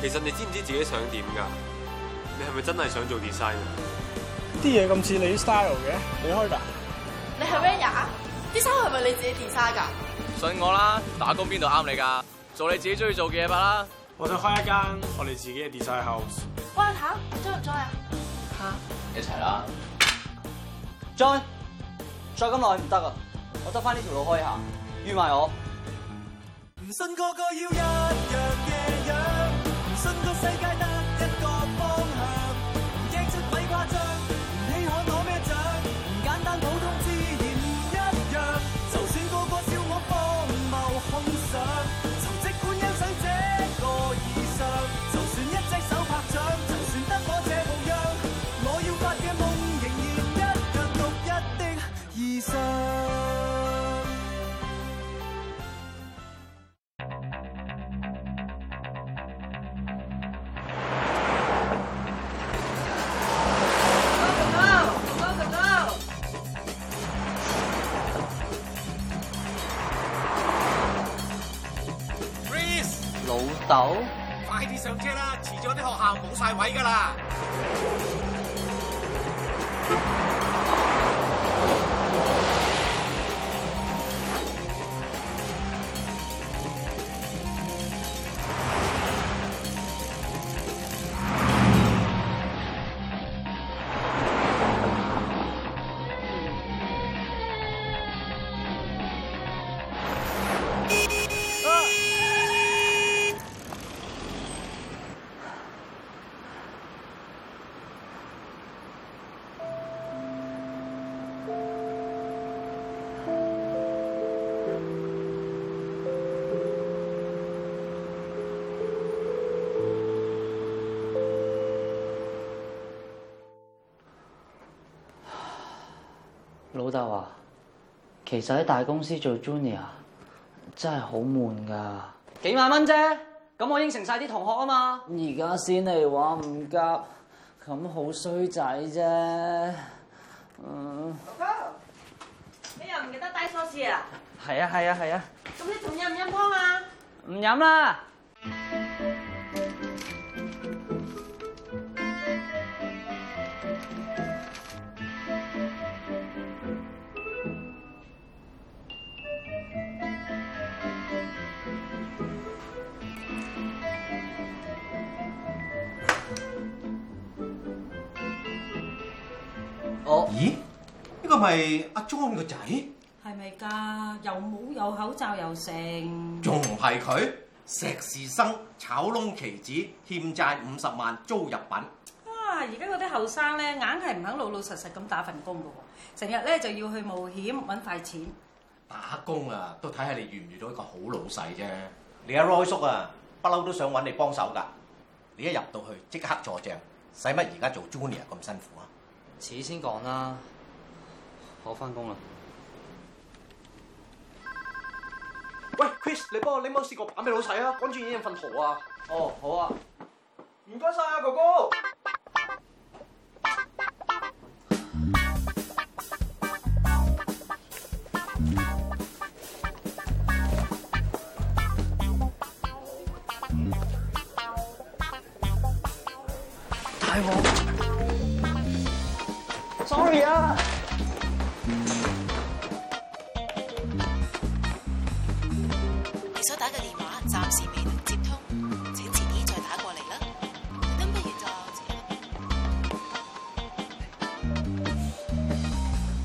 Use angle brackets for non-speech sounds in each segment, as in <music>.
其實你知唔知自己想點噶？你係咪真係想做 design？啲嘢咁似你 style 嘅，你開噶？你係咩人啊？啲衫係咪你自己 design 噶？信我啦，打工邊度啱你噶？做你自己中意做嘅嘢吧啦！我想開一間我哋自己嘅 design house。喂，join 唔 join 啊？吓？一齊啦！join 再咁耐唔得啊！我得翻呢條路開下，預埋我。唔信個個要一樣嘅樣信個世界。冇曬位㗎啦！老豆啊，其實喺大公司做 junior 真係好悶㗎。幾萬蚊啫，咁我應承晒啲同學啊嘛。而家先嚟話唔夾，咁好衰仔啫。嗯。老高，你又唔記得帶鎖匙啊？係啊係啊係啊。咁你仲飲唔飲湯啊？唔飲啦。咦？呢個咪阿 John 個仔？係咪噶？又冇有，有口罩又剩，仲唔係佢？石士生炒窿棋子欠債五十萬租入品。哇！而家嗰啲後生咧，硬係唔肯老老實實咁打份工噶喎，成日咧就要去冒險搵快錢。打工啊，都睇下你遇唔遇到一個好老細啫。你阿羅叔啊，不嬲都想揾你幫手噶。你一入到去即刻坐正，使乜而家做 junior 咁辛苦？遲先講啦，我翻工啦。喂，Chris，你幫我拎翻個板俾老細啊，趕住影印份圖啊。哦，好啊，唔該晒啊，哥哥。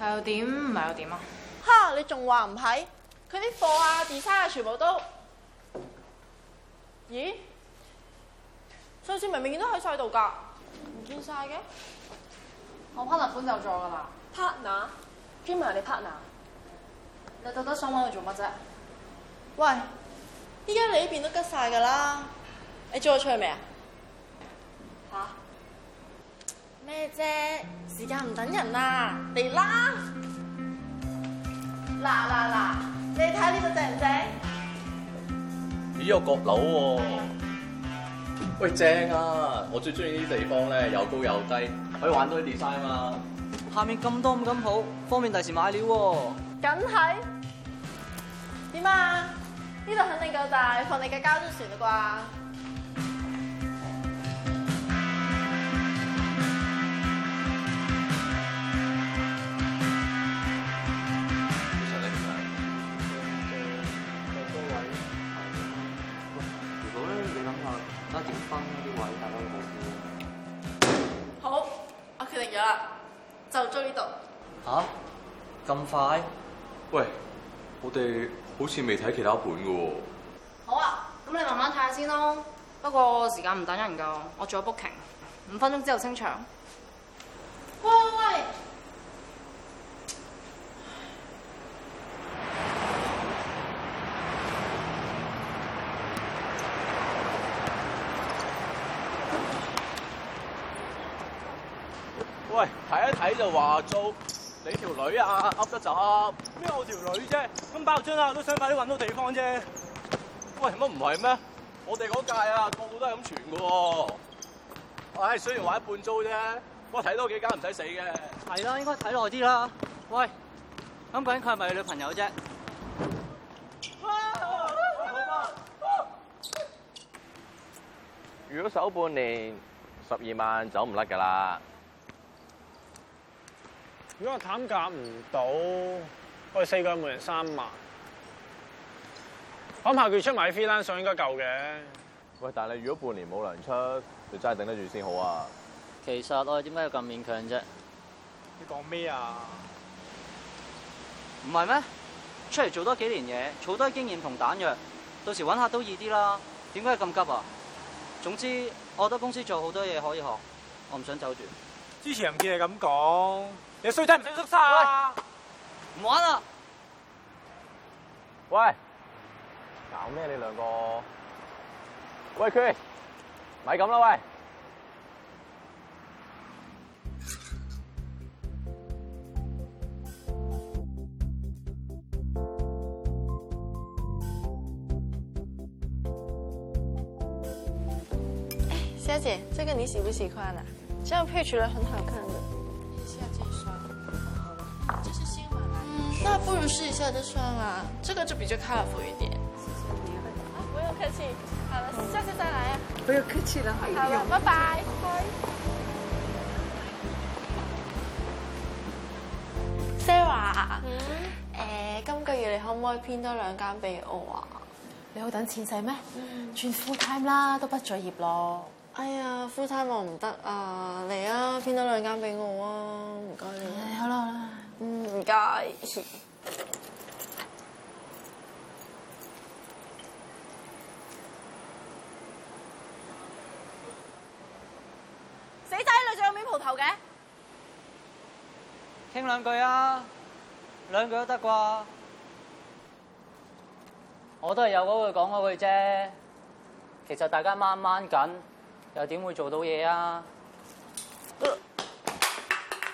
係又點？唔係又點啊！哈！你仲話唔係？佢啲貨啊、design 啊，全部都咦？上次明明都喺晒度㗎，唔見晒嘅。我 partner 本就做 partner 搬走咗㗎啦。partner？邊位係你 partner？你得得雙眼去做乜啫？喂！依家你呢邊都吉晒㗎啦，你叫我出去未啊？嚇！咩啫？時間唔等人啊！嚟、啊、啦！嗱嗱嗱，你睇呢度正唔正？咦、啊，有閣樓喎！喂，正啊！我最中意呢啲地方咧，又高又低，可以玩多啲 design 啊！下面咁多五金鋪，方便第時買料喎。梗係點啊？呢度肯定夠大，你放你嘅膠樽船啦啩！啦，就租呢度。吓？咁快？喂，我哋好似未睇其他盤噶喎。好啊，咁你慢慢睇下先咯。不過時間唔等人噶，我做咗 booking，五分鐘之後清場。喂喂！一睇就話租你條女啊，噏得就噏咩？我條女啫，咁包樽啊都想快啲搵到地方啫。喂，乜唔係咩？我哋嗰屆啊，個個都係咁傳噶。唉、哎，雖然話一半租啫，不過睇多幾間唔使死嘅。係啦，應該睇耐啲啦。喂，咁究竟佢係咪你女朋友啫？如果守半年，十二萬走唔甩噶啦。如果我談價唔到，我哋四個人每人三萬，諗下佢出埋啲 freelancer 應該夠嘅。喂，但係你如果半年冇糧出，你真係頂得住先好啊。其實我哋點解要咁勉強啫？你講咩啊？唔係咩？出嚟做多幾年嘢，儲多經驗同彈藥，到時揾下都易啲啦。點解咁急啊？總之，我覺得公司做好多嘢可以學，我唔想走住。之前唔見你咁講。你衰仔唔使捉沙啊喂！唔玩啦喂！喂，搞咩？你兩個喂佢咪咁啦喂！小姐，這個你喜不喜歡啊？這樣配出來很好看的。那不如試一下就算啦，這個就比較靠譜一點。謝謝你啊，不用客氣。好了，下次再來啊。不用客氣了，好，再見，拜拜。Sarah，誒、嗯欸，今個月你可唔可以編多兩間俾我啊？你好等錢使咩？轉 full time 啦，都畢咗業咯。哎呀，full time 我唔得啊，嚟啊，編多兩間俾我啊，唔該你。哎、好啦好啦。唔該。謝謝。死仔，你仲有咩蒲頭嘅？傾兩句啊，兩句都得啩？我都係有嗰句講嗰句啫。其實大家掹掹緊，又點會做到嘢啊？ <laughs>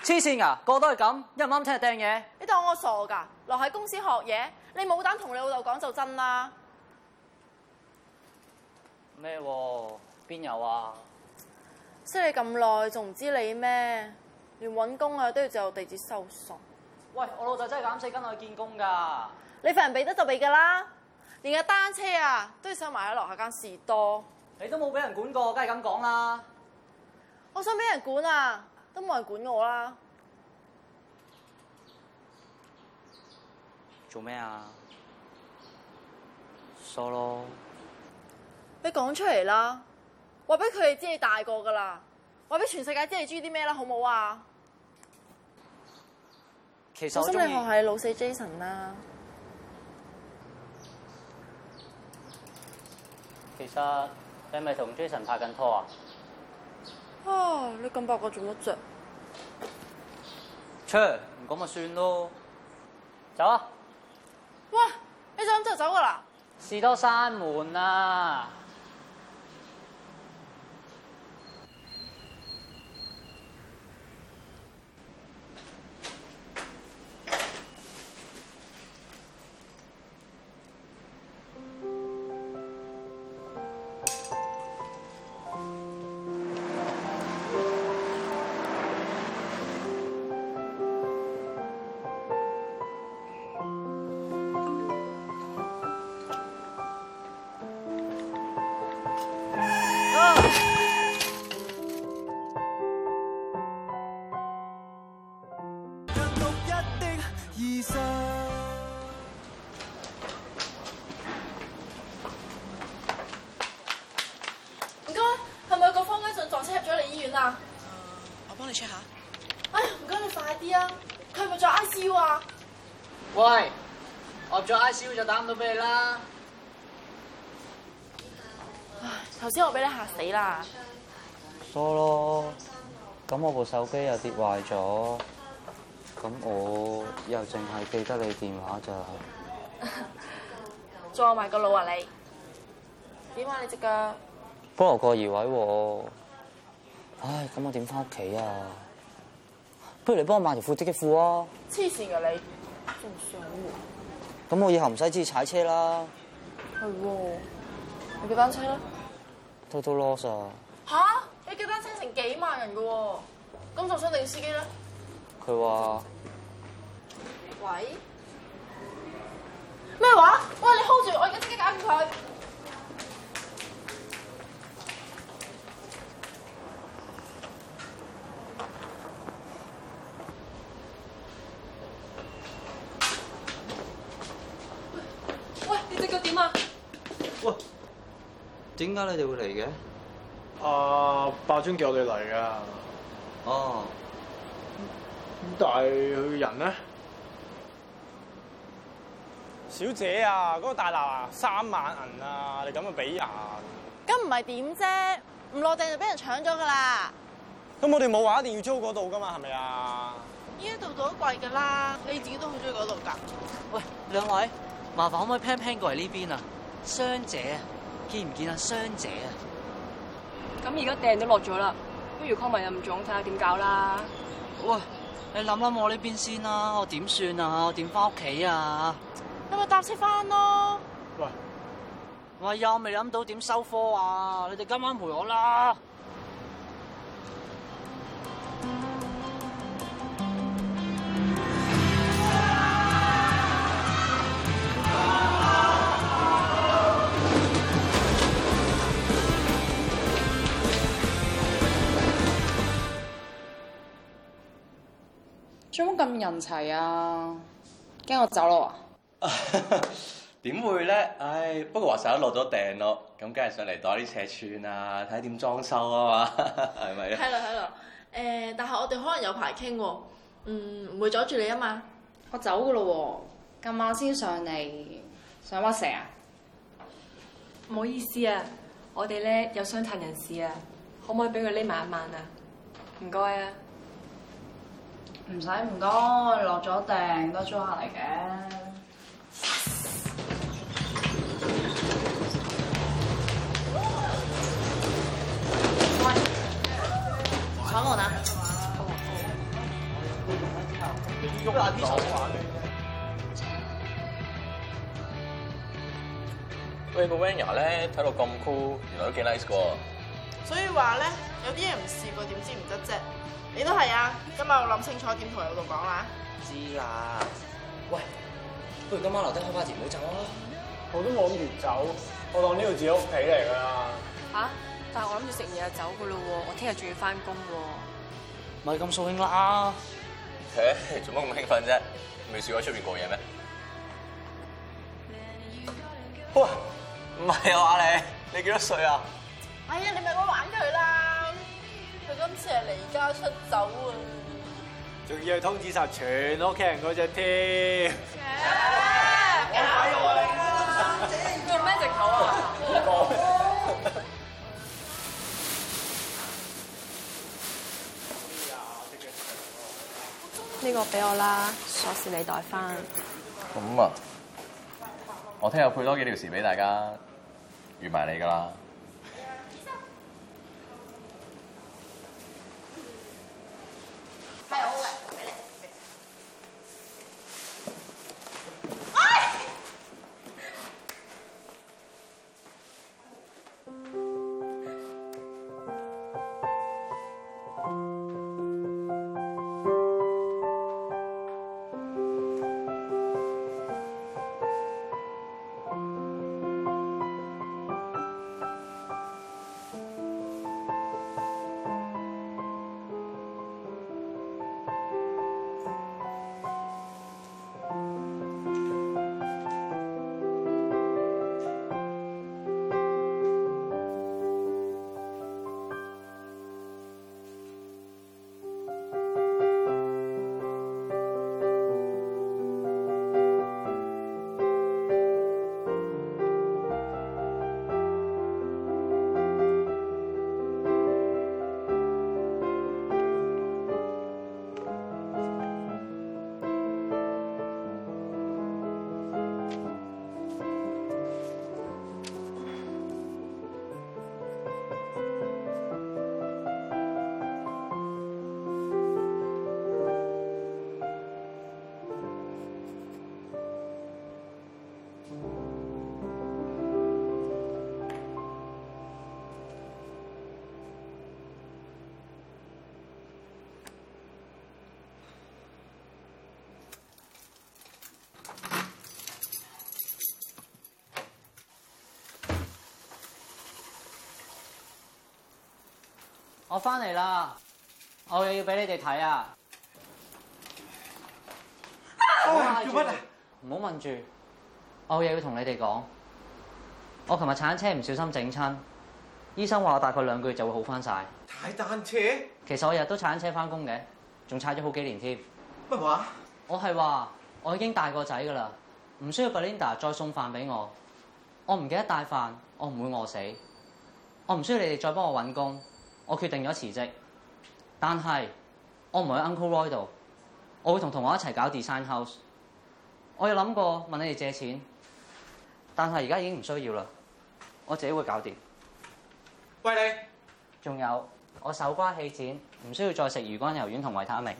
黐線啊！個個都係咁，一唔啱聽就掟嘢。你當我傻㗎？留喺公司學嘢，你冇膽同你老豆講就真啦。咩？邊有啊？識你咁耐，仲唔知你咩？連揾工啊都要就地址搜索。喂，我老豆真係揀死跟我去見工㗎。你份人俾得就俾㗎啦。連架單車啊都要收埋喺樓下間士多。你都冇俾人管過，梗係咁講啦。我想俾人管啊！都冇人管我啦！做咩啊？疏咯！你講出嚟啦！話俾佢哋知你大個噶啦！話俾全世界知你中意啲咩啦，好唔好啊？其實我心理學系老細 Jason 啊！其實我心我你係咪同 Jason, Jason 拍緊拖啊？啊！你咁八卦做乜啫？出唔講咪算咯，走啊，哇！你就咁就走噶啦？士多山門啊！啦！唉，頭先我俾你嚇死啦！疏咯，咁我部手機又跌壞咗，咁我又淨係記得你電話咋？撞埋個腦啊！你點啊？你隻腳？菠蘿過移位喎！唉，咁我點返屋企啊？不如你幫我買條褲，闊啲嘅褲啊！黐線嘅你，咁我以後唔使自己踩車啦。係喎，你叫單車咧？偷偷攞晒吓？你叫單車成幾萬人嘅喎，啊，咁就想定司機啦！佢話說：喂，咩話？餵你 hold 住，我而家即刻解決佢。點解你哋會嚟嘅？啊、呃，八章叫我哋嚟噶。哦。咁但係人呢？小姐啊，嗰、嗰個大樓啊，三萬銀啊，你咁就俾人。咁唔係點啫？唔落定就俾人搶咗噶啦。咁我哋冇話一定要租嗰度噶嘛？係咪啊？依一度度都貴噶啦，你自己都好中意嗰度㗎。喂，兩位，麻煩可唔可以拼拼過嚟呢邊啊？傷者。見唔見啊，傷者啊？咁而家訂都落咗啦，不如 call 埋任總睇下點搞啦。喂，你諗諗我呢邊先啦，我點算啊？我點翻屋企啊？你咪搭車翻咯。喂，喂又未諗到點收科啊？你哋今晚陪我啦。做乜咁人齊啊？驚我走咯、啊？點 <laughs> 會咧？唉、哎，不過話曬都落咗訂咯，咁梗係上嚟袋啲尺寸啊，睇點裝修啊嘛，係咪啊？係咯，係咯，誒、欸，但係我哋可能有排傾喎，嗯，唔會阻住你啊嘛。我走噶咯喎，咁晚先上嚟上乜蛇啊？唔好意思啊，我哋咧有傷殘人士啊，可唔可以俾佢匿埋一晚啊？唔該啊。唔使唔該，落咗訂都租客嚟嘅。坐我嗱。喂，個 Winger 咧睇到咁 cool，原來都幾 nice 喎。所以話咧，有啲嘢唔試過點知唔得啫。你都係啊！今日我諗清楚點同阿老豆講啦。知啦。欸，喂，不如今晚留低開 party 唔好走啦。我都冇諗住走，我當呢度自己屋企嚟噶啦。吓，但係我諗住食嘢就走噶咯，我聽日仲要翻工。唔係咁掃興啦。嘿，做乜咁興奮啫？未試過喺出邊過夜咩？哇，唔係啊嘛你？你幾多歲啊？哎呀，你咪我玩佢啦！今次係離家出走家 <laughs> 啊！仲要去通知曬全屋企人嗰隻添。咩隻口啊？呢個俾我啦，鎖匙你袋翻。咁啊，我聽日配多幾條匙俾大家，預埋你噶啦。我翻嚟啦，我又要俾你哋睇啊！做乜啊？唔好捧着 問住，我又要同你哋講。我琴日踩單車唔小心整親，醫生話我大概兩個月就會好翻晒。踩單車？其實我日日都踩單車翻工嘅，仲踩咗好幾年添。乜話麼？我係話我已經大個仔噶啦，唔需要 Belinda、er、再送飯俾我。我唔記得帶飯，我唔會餓死。我唔需要你哋再幫我搵工。我決定咗辭職，但係我唔會喺 Uncle Roy 度，我會同同學一齊搞 Design House。我有諗過問你哋借錢，但係而家已經唔需要啦，我自己會搞掂。喂，你？仲有我手瓜起 𦟌，唔需要再食魚肝油丸同維他命。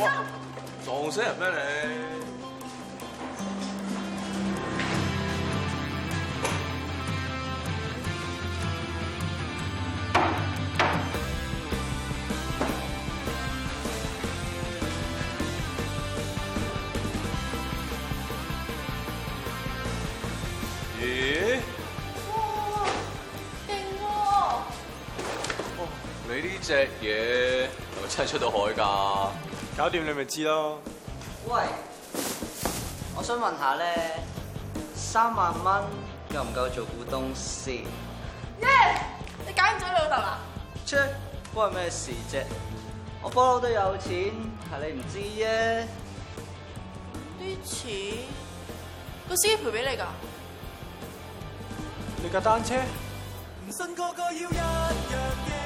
哇，撞死人咩你？咦？哇！勁喎！你呢隻嘢係咪真係出到海㗎？搞掂你咪知咯。喂，我想問下咧，三萬蚊夠唔夠做股東先？耶、yeah！你搞掂咗你老豆啦？切，關我咩事啫？我波佬都有錢，係你唔知啫。啲錢，個司機賠俾你㗎。你架單車？ <music> <music>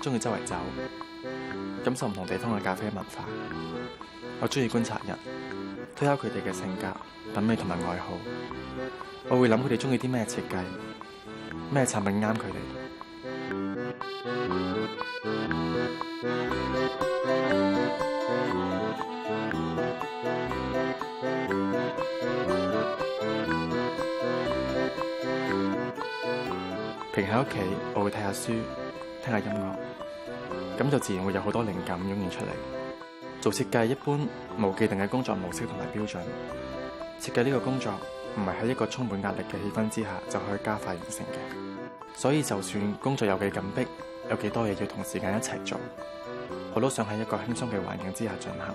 中意周圍走，感受唔同地方嘅咖啡文化。我中意觀察人，推敲佢哋嘅性格、品味同埋愛好。我會諗佢哋中意啲咩設計，咩產品啱佢哋。平喺屋企，我會睇下書。聽下音樂，咁就自然會有好多靈感湧現出嚟。做設計一般冇既定嘅工作模式同埋標準，設計呢個工作唔係喺一個充滿壓力嘅氣氛之下就可以加快完成嘅。所以就算工作有幾緊迫，有幾多嘢要同時間一齊做，我都想喺一個輕鬆嘅環境之下進行。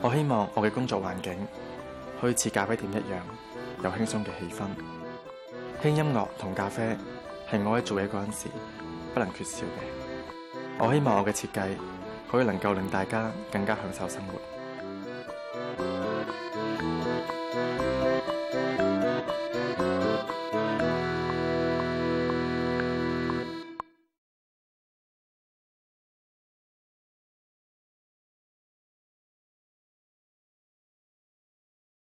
我希望我嘅工作環境可以似咖啡店一樣。有輕鬆嘅氣氛，輕音樂同咖啡係我喺做嘢嗰陣時不能缺少嘅。我希望我嘅設計可以能夠令大家更加享受生活。